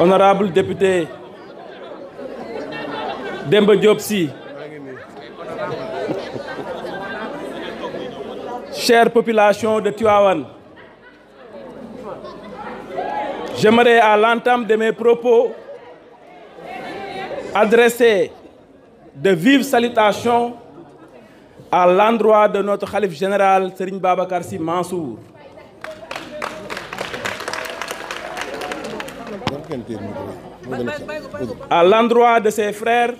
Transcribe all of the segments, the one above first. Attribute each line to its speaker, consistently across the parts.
Speaker 1: honorable député Demba chère population de Tuawan, j'aimerais à l'entame de mes propos adresser de vives salutations à l'endroit de notre calife général Serigne Baba Mansour à l'endroit de ses frères,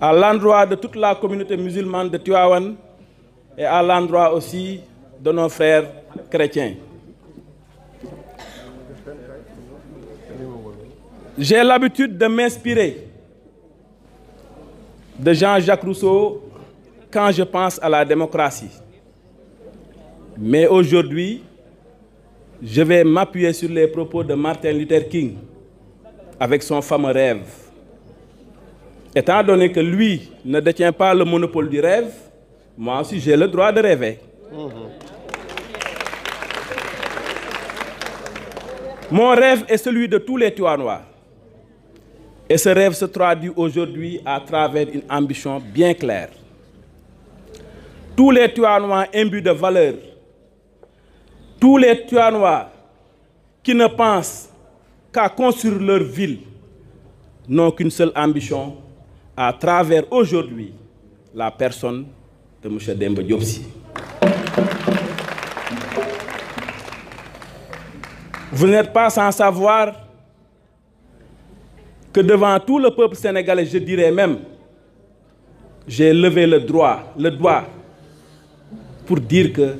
Speaker 1: à l'endroit de toute la communauté musulmane de Tuawan et à l'endroit aussi de nos frères chrétiens. J'ai l'habitude de m'inspirer de Jean-Jacques Rousseau quand je pense à la démocratie. Mais aujourd'hui, je vais m'appuyer sur les propos de Martin Luther King avec son fameux rêve. Étant donné que lui ne détient pas le monopole du rêve, moi aussi j'ai le droit de rêver. Mhm. Mon rêve est celui de tous les Tuanois. Et ce rêve se traduit aujourd'hui à travers une ambition bien claire. Tous les Tuanois imbus de valeurs tous les Tuanois qui ne pensent qu'à construire leur ville n'ont qu'une seule ambition à travers aujourd'hui la personne de M. Demba Diopsi. Vous n'êtes pas sans savoir que devant tout le peuple sénégalais, je dirais même, j'ai levé le droit, le doigt pour dire que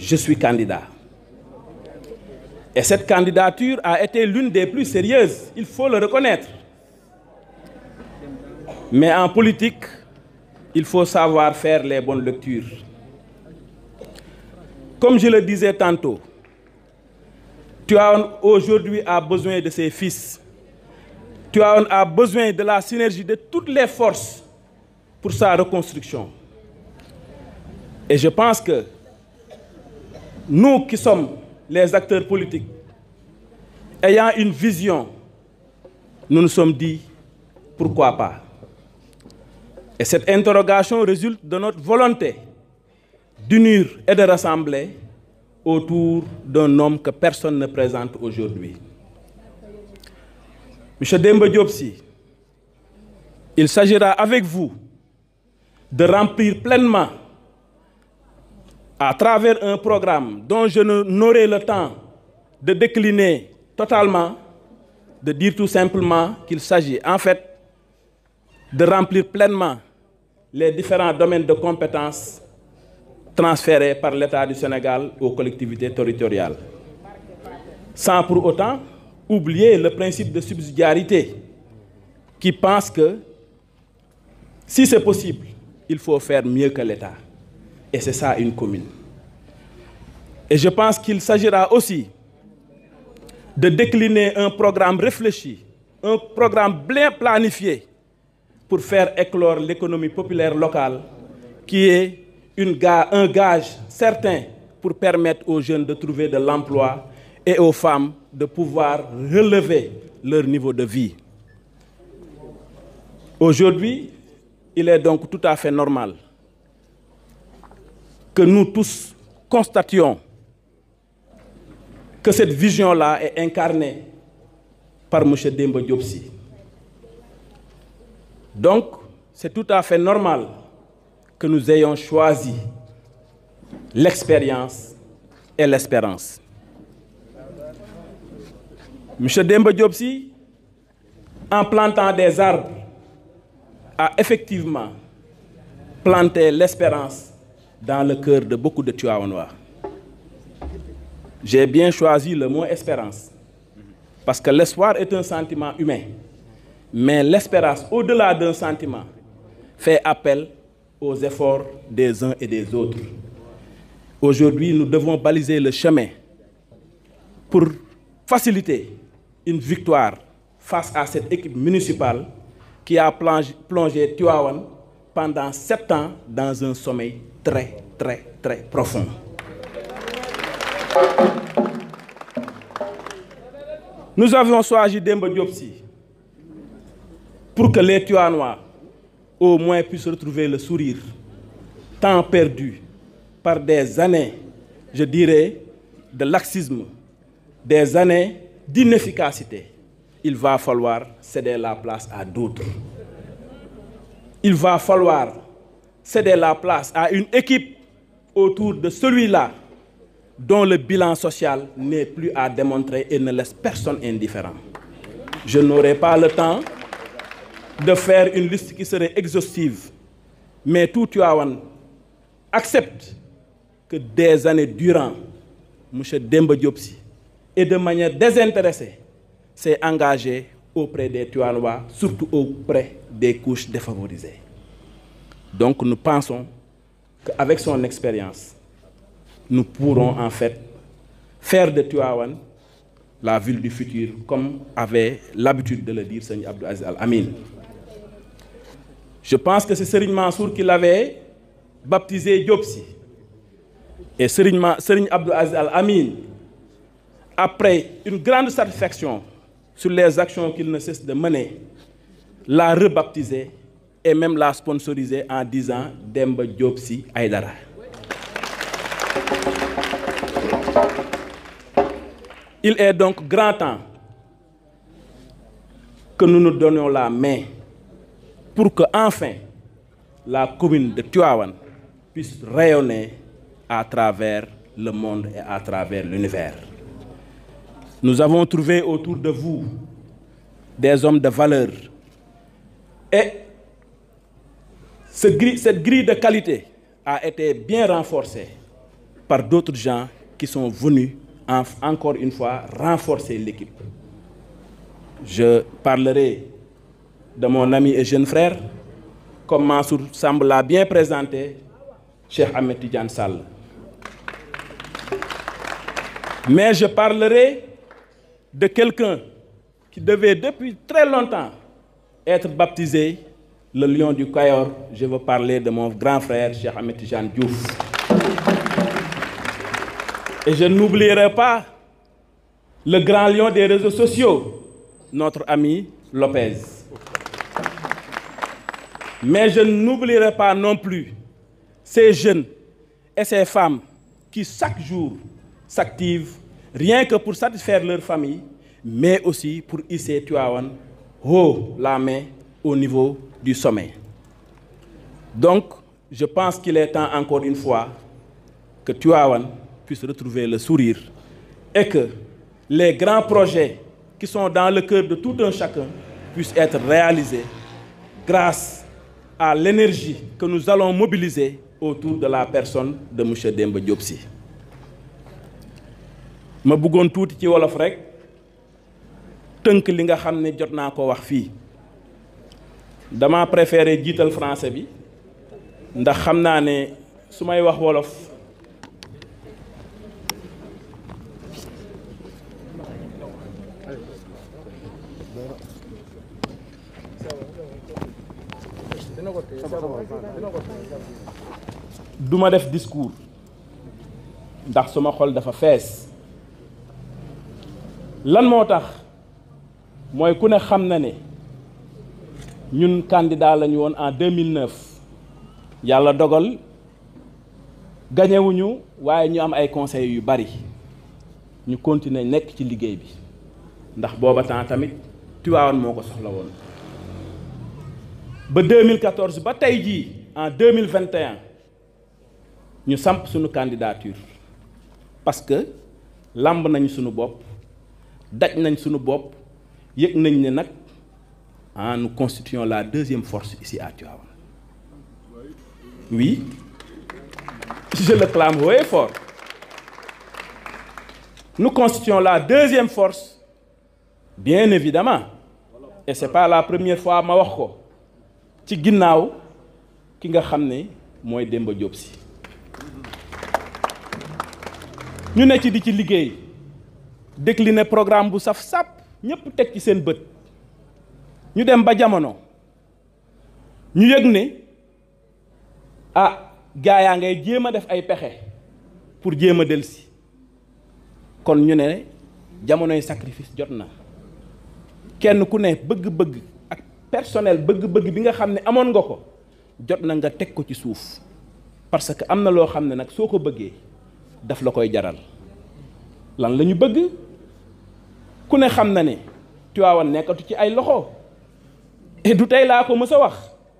Speaker 1: je suis candidat. Et cette candidature a été l'une des plus sérieuses, il faut le reconnaître. Mais en politique, il faut savoir faire les bonnes lectures. Comme je le disais tantôt, as aujourd'hui a besoin de ses fils. Tu a besoin de la synergie de toutes les forces pour sa reconstruction. Et je pense que nous qui sommes les acteurs politiques, ayant une vision, nous nous sommes dit, pourquoi pas Et cette interrogation résulte de notre volonté d'unir et de rassembler autour d'un homme que personne ne présente aujourd'hui. Monsieur Demba Diopsi, il s'agira avec vous de remplir pleinement à travers un programme dont je n'aurai le temps de décliner totalement, de dire tout simplement qu'il s'agit en fait de remplir pleinement les différents domaines de compétences transférés par l'État du Sénégal aux collectivités territoriales. Sans pour autant oublier le principe de subsidiarité qui pense que si c'est possible, il faut faire mieux que l'État. Et c'est ça une commune. Et je pense qu'il s'agira aussi de décliner un programme réfléchi, un programme bien planifié pour faire éclore l'économie populaire locale qui est un gage certain pour permettre aux jeunes de trouver de l'emploi et aux femmes de pouvoir relever leur niveau de vie. Aujourd'hui, il est donc tout à fait normal que nous tous constations que cette vision-là est incarnée par M. Dembo Diopsi. Donc, c'est tout à fait normal que nous ayons choisi l'expérience et l'espérance. M. Dembo Diopsi, en plantant des arbres, a effectivement planté l'espérance dans le cœur de beaucoup de Tuaonois. J'ai bien choisi le mot espérance, parce que l'espoir est un sentiment humain, mais l'espérance, au-delà d'un sentiment, fait appel aux efforts des uns et des autres. Aujourd'hui, nous devons baliser le chemin pour faciliter une victoire face à cette équipe municipale qui a plongé, plongé pendant sept ans dans un sommeil très, très, très profond. Nous avions choisi Demba Diopsi pour que les Tuanois au moins puissent retrouver le sourire, tant perdu par des années, je dirais, de laxisme, des années d'inefficacité. Il va falloir céder la place à d'autres. Il va falloir céder la place à une équipe autour de celui-là dont le bilan social n'est plus à démontrer et ne laisse personne indifférent. Je n'aurai pas le temps de faire une liste qui serait exhaustive, mais tout Tuawan accepte que des années durant, M. Demba et de manière désintéressée, s'est engagé auprès des Tuanois, surtout auprès des couches défavorisées. Donc nous pensons qu'avec son expérience, nous pourrons en fait faire de Tuawan la ville du futur, comme avait l'habitude de le dire Seigneur Abdou Al-Amin. Je pense que c'est Serigne Mansour qui l'avait baptisé Diopsi. Et Serigne, Serigne Al-Amin, après une grande satisfaction sur les actions qu'il ne cesse de mener, l'a rebaptisé et même l'a sponsoriser en disant Demba Diopsi Aïdara. Il est donc grand temps que nous nous donnions la main pour que enfin la commune de Tuawan puisse rayonner à travers le monde et à travers l'univers. Nous avons trouvé autour de vous des hommes de valeur et cette grille de qualité a été bien renforcée par d'autres gens qui sont venus encore une fois renforcer l'équipe. Je parlerai de mon ami et jeune frère, comme Mansour semble l'a bien présenté, Cheikh Ahmed Tidjan Sall. Mais je parlerai de quelqu'un qui devait depuis très longtemps être baptisé le lion du Cayor, je veux parler de mon grand frère, Cheikh Ahmed Jean Diouf. Et je n'oublierai pas le grand lion des réseaux sociaux, notre ami Lopez. Mais je n'oublierai pas non plus ces jeunes et ces femmes qui chaque jour s'activent rien que pour satisfaire leur famille, mais aussi pour hisser Tuawan haut la main au niveau du sommet. Donc, je pense qu'il est temps encore une fois que Tuawan puisse retrouver le sourire et que les grands projets qui sont dans le cœur de tout un chacun puissent être réalisés grâce à l'énergie que nous allons mobiliser autour de la personne de M. Demba Diopsi. ma wolof dama préféré digital français bi ndax xamna je ne wax wolof duma def discours ndax suma xol dafa fess lan motax moy ku ne ñun candidat lañu won en 2009 yalla dogal wuñu waye ñu am ay conseils yu bari ñu continuer nek ci liguey bi ndax booba temps tamit Tivaouane moko soxla won ba 2014 ba tay ji en 2021 ñu samp suñu candidature parce que lamb nañ suñu bop daj nañ suñu bop yek nañ ne nak ah, nous constituons la deuxième force ici à Tuaon. Oui, je le clame haut et fort. Nous constituons la deuxième force, bien évidemment. Et ce n'est pas la première fois ma wax ko ci ginnaaw ki nga ne Demba Nous sommes décliner programme bu saf Nous sommes teg ci seen ñu dem ba jamono ñu yëg ne a ah, gaa yaa ngay jéem a def ay pexe pour jéem a delsi kon ñu ne jamonoy sacrifice jot na kenn ku ne bëgg-bëgg ak personnel bëgg-bëgg bi nga xam ne amoon nga ko jot na nga teg ko ci suuf parce que am na loo xam ne nag soo ko bëggee daf la koy jaral lan lañu bëgg ku ne xam na ne Tiwaawan nekkatu ci ay loxo et du tay la ko mës wax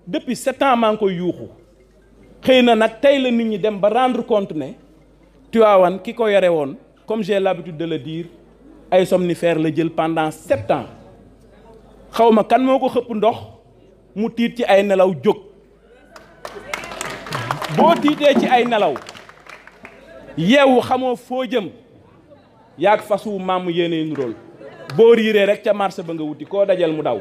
Speaker 1: depuis 7 ans man ngi koy yuuxu xëy na nag la nit ñi dem ba rendre compte ne Tivaouane kiko ko won comme j'ai l'habitude de le dire ay somnifère la jël pendant 7 ans xawma kan moko ko xëpp ndox mu tiit ci ay nelaw jog bo tiitee ci ay nelaw yeewu xamoo fo jëm yak fasu mam yeneen rôle bo riré rek ca marché ba nga wuti ko dajal mu daw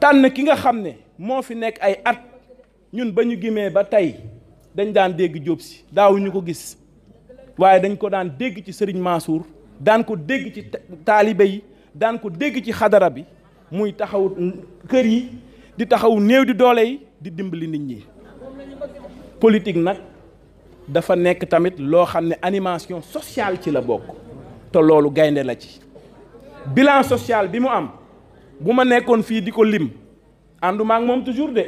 Speaker 1: tan ki nga ne fi nek ay at ñun bañu ba tay dañ daan dégg gis dañ ko dégg ci Serigne Mansour daan ko dégg ci yi ko dégg ci bi muy taxaw kër yi di taxaw di di dimbali politique dafa nek tamit animation sociale ci la bokk te loolu la bilan social bi am buma ma nekkoon fii di ko lim ànduma ak moom toujours de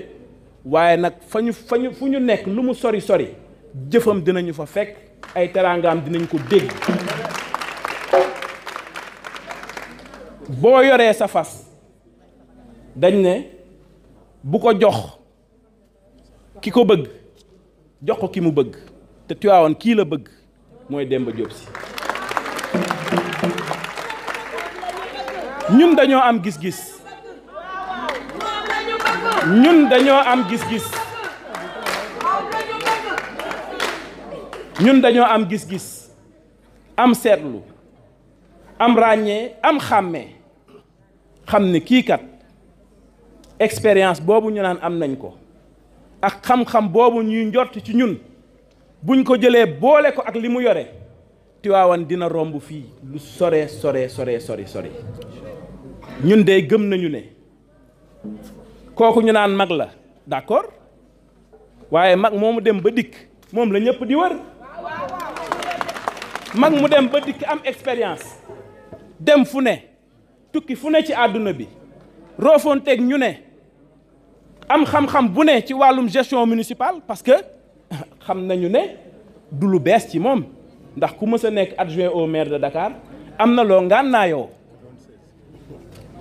Speaker 1: waaye nag fa ñu fa ñu fu ñu nekk lu mu sori sori jëfam dinañu fa fekk ay teraangaam dinañ ko dégg boo yoree sa fas dañ ne bu ko jox ki ko bëgg jox ko ki mu bëgg te Tiwaawan kii la bëgg mooy Demba Diop ñun dañoo am gis-gis ñun dañoo am gis-gis ñun dañoo am gis-gis am seetlu am ràññee am xàmmee xam ni kii kat expérience boobu ñu naan am nañ ko ak xam-xam boobu ñuy njort ci ñun buñ ko jëlee boole ko ak li mu yore Tiwaawan dina romb fii lu sore sore sore sori sore ñun day gëm nañu ne kooku ñu naan mag la d'accord waaye mag moomu dem ba dikk moom la ñëpp di wër mag mu dem ba dikk am expérience dem fu ne tukki fu ne ci àdduna bi roofoonteeg ñu ne am xam-xam bu ne ci wàllum gestion municipale parce que xam nañu ne du lu bees ci moom ndax ku mës a nekk adjoint au maire de Dakar am na loo ngaan naa yow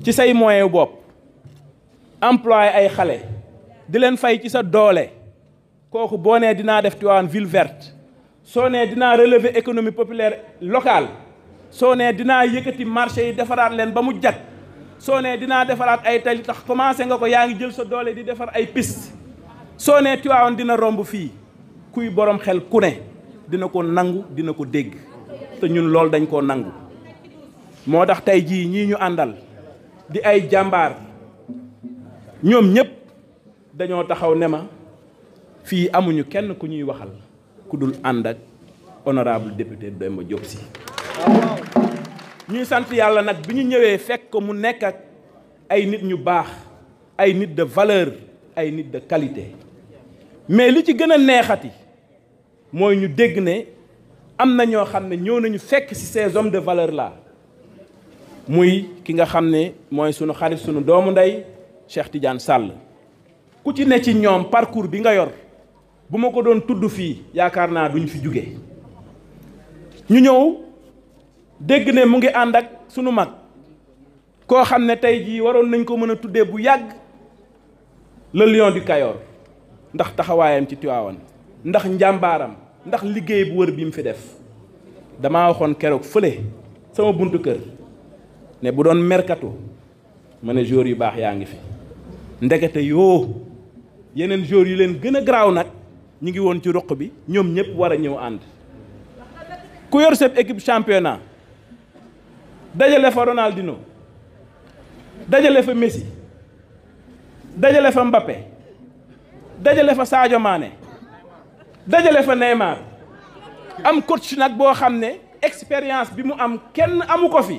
Speaker 1: ci say moyen bop employé ay xalé di len fay ci sa doole kooku boné dina def Tivaouane ville verte soné dina relevé relever économie populaire locale soné dina dinaa marché yi defaraat len ba mu jag soo nee dinaa ay tali tax commencé nga ko yaangi ngi jël sa doole di défar ay piste soné nee dina romb fi. kuy borom xel ku ne dina ko nangu dina ko dégg té ñun lool dañ ko nangu moo tay ji ñi ñu andal. di ay jàmbaar ñoom ñëpp dañoo taxaw ne ma fii amuñu kenn ku ñuy waxal ku dul ànd ak honorable député Demba Diop Sy ñuy sant yàlla nag bi ñu ñëwee fekk ko mu nekk ak ay nit ñu baax ay nit de valeur ay nit de qualité mais li ci gën a neexati mooy ñu dégg ne am na ñoo xam ne ñëw nañu fekk ci ces de valeur là muy ki nga xam ne suñu xarit suñu doomu nday Cheikh Tidiane Sall ku ci ne ci ñom parcours bi nga yor bu ma ko doon tuddu fi yaakaar duñ fi jóge ñu ñew dégg ne mu ngi ak sunu mag ko xam ne ji waron nañ ko mëna tuddé bu yagg le lion du Kayor ndax taxawayam ci Tiwaawan ndax njambaram. ndax liggéey bu wër bi mu fi def dama waxon kérok feulé sama buntu kër ne bu doon mercato ma ne joueurs yu baax yaa ngi fi ndekete yoo yeneen joueurs yu leen gën a garaaw nag ñu ngi woon ci roq bi ñoom ñëpp war a ñëw ànd ku yor seen équipe championnat dajale fa Ronaldinho dajale fa Messi dajale fa Mbappé dajale fa Sadio dajale fa Neymar am coach nag boo xam ne expérience bi mu am kenn amu ko fi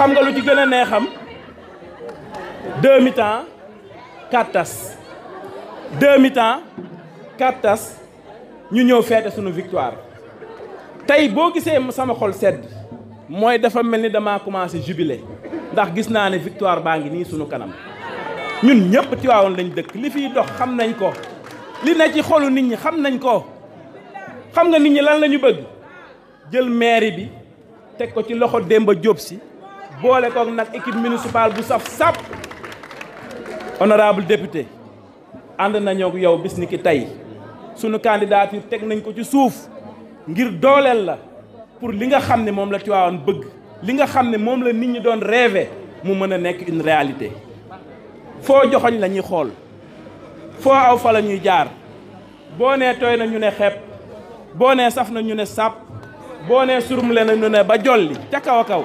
Speaker 1: xam nga lu ci gëna a neexam demi mi-temps quatre tas deux mi-temps quatre tas ñu ñëw fété suñu victoire tay bo gisé sama xol sedd moy dafa melni dama commencé jubilé ndax gis na né victoire baa ngi nii kanam ñun ñëpp waawon lañ dëkk li fi dox xam nañ ko li na ci xolu nit ñi xam nañ ko xam nga nit ñi lan lañu bëgg jël maire bi tek ko ci loxo Demba Diop si boole koog nag équipe municipale bu saf sap honorable député ànd nañoo yow bis ni ki tey sunu candidature teg nañ ko ci suuf ngir dooleel la pour li nga xam ne moom la Tivaouane bëgg li nga xam ne moom la nit ñi doon rêver mu mën a nekk une réalité foo joxoñ la ñuy xool foo aw fa la ñuy jaar boo nee tooy na ñu ne xepp boo nee saf na ñu ne sàpp boo nee surum le na ñu ne ba jolli ca kaw a kaw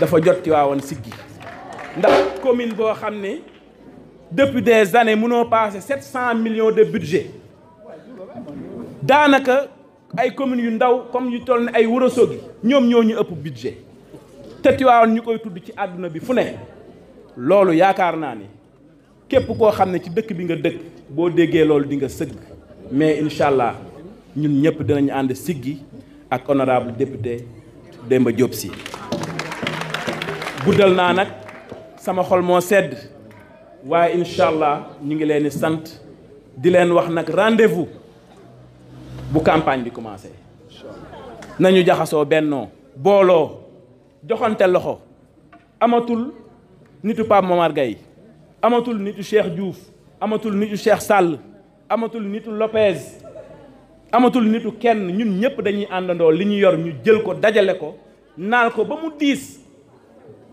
Speaker 1: dafa jot Tiwaawan siggi ndax commune boo xam ne depuis des années mënoo passé sept cent millions de budget daanaka ay communes yu ndaw comme yu toll ne ay Ourossogui ñoom ñoo ñu ëpp budget te Tiwaawan ñu koy tudd ci àdduna bi fu ne loolu yaakaar naa ni képp koo xam ne ci dëkk bi nga dëkk boo déggee loolu di nga sëgg mais incha allah ñun ñëpp dinañu ànd siggi ak honorable député Demba Diop Sy guddal na nak sama xol mo sedd waaye inshallah ngi leen di leen wax rendez-vous bu campagne bi commencé nañu loxo amatul nitu Momar amatul nitu Cheikh Diouf amatul nitu Cheikh Sall amatul nitu Lopez amatul nitu kenn ñun ñep dañuy li yor ñu jël ko ba mu